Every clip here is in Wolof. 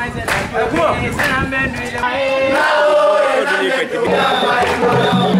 Come on.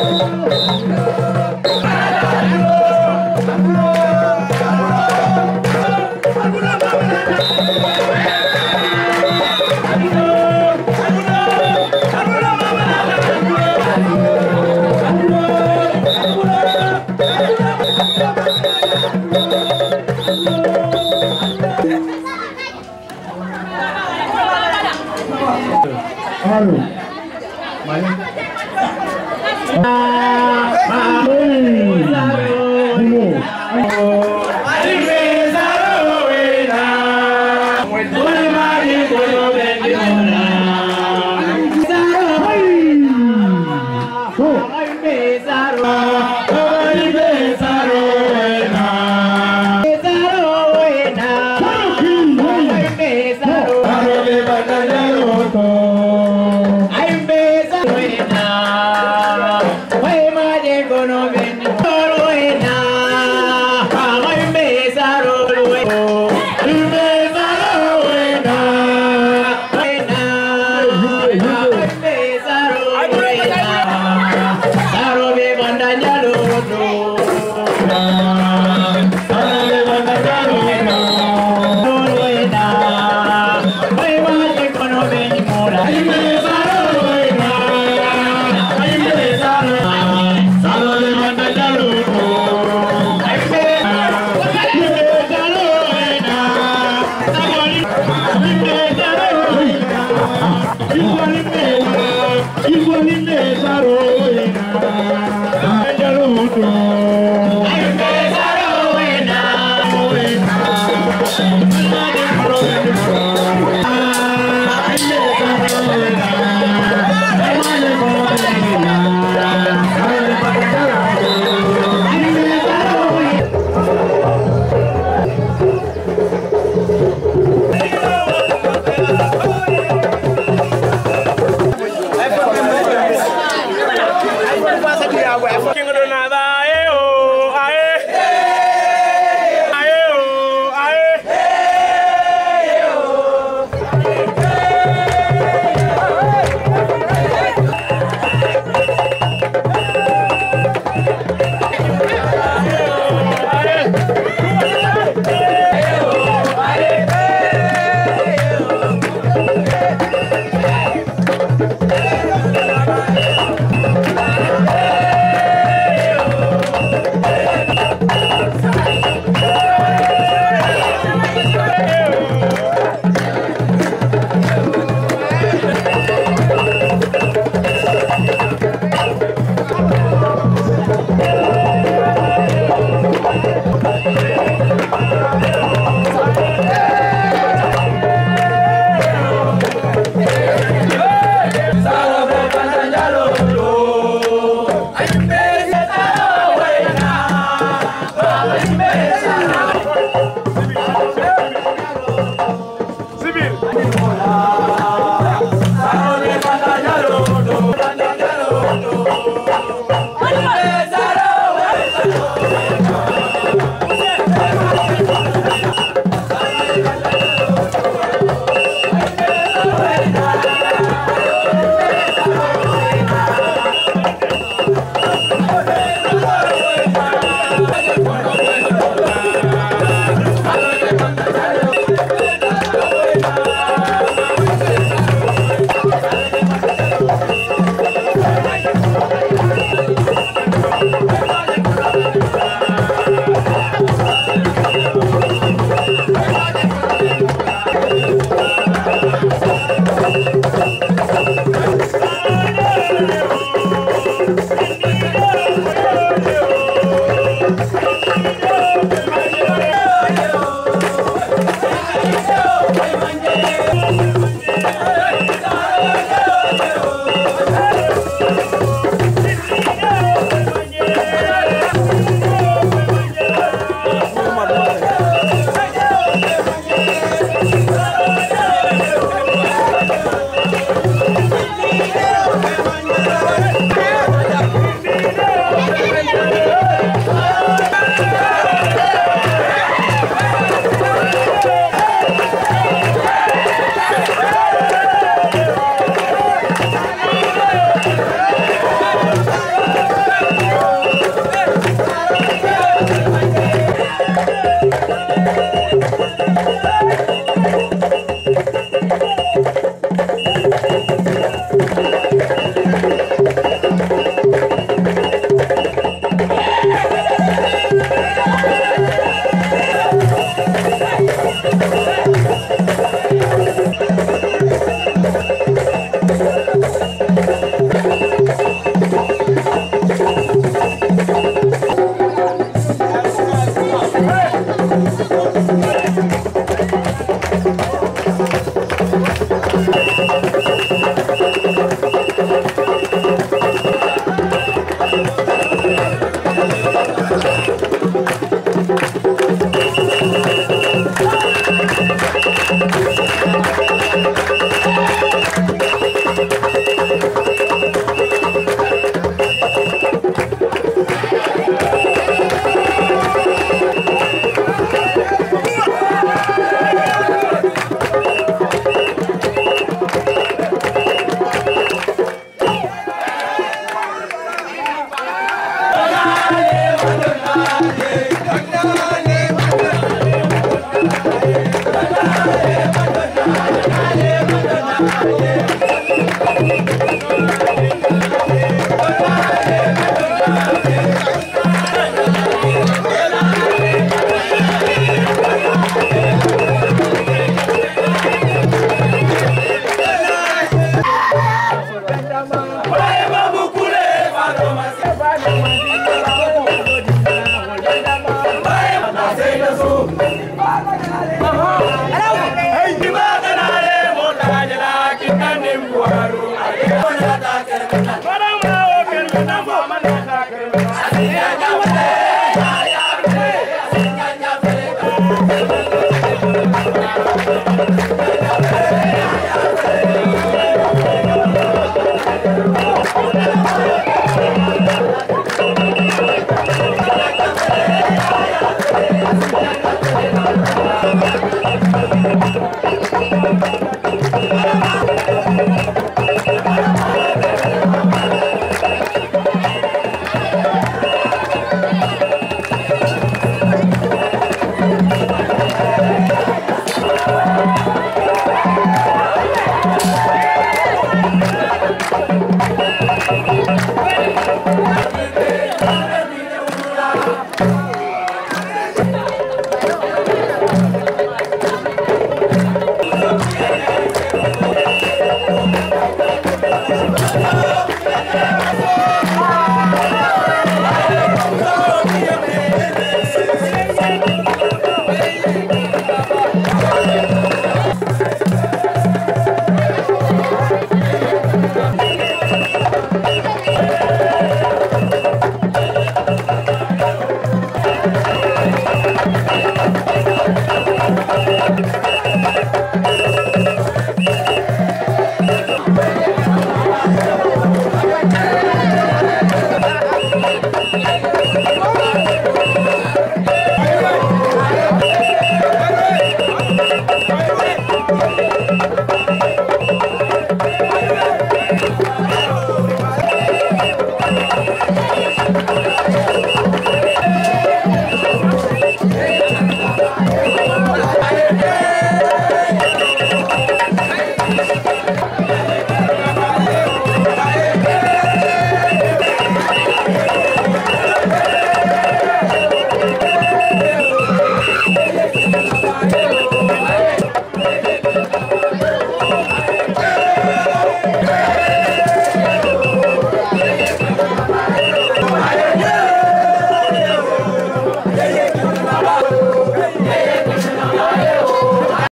Thank you.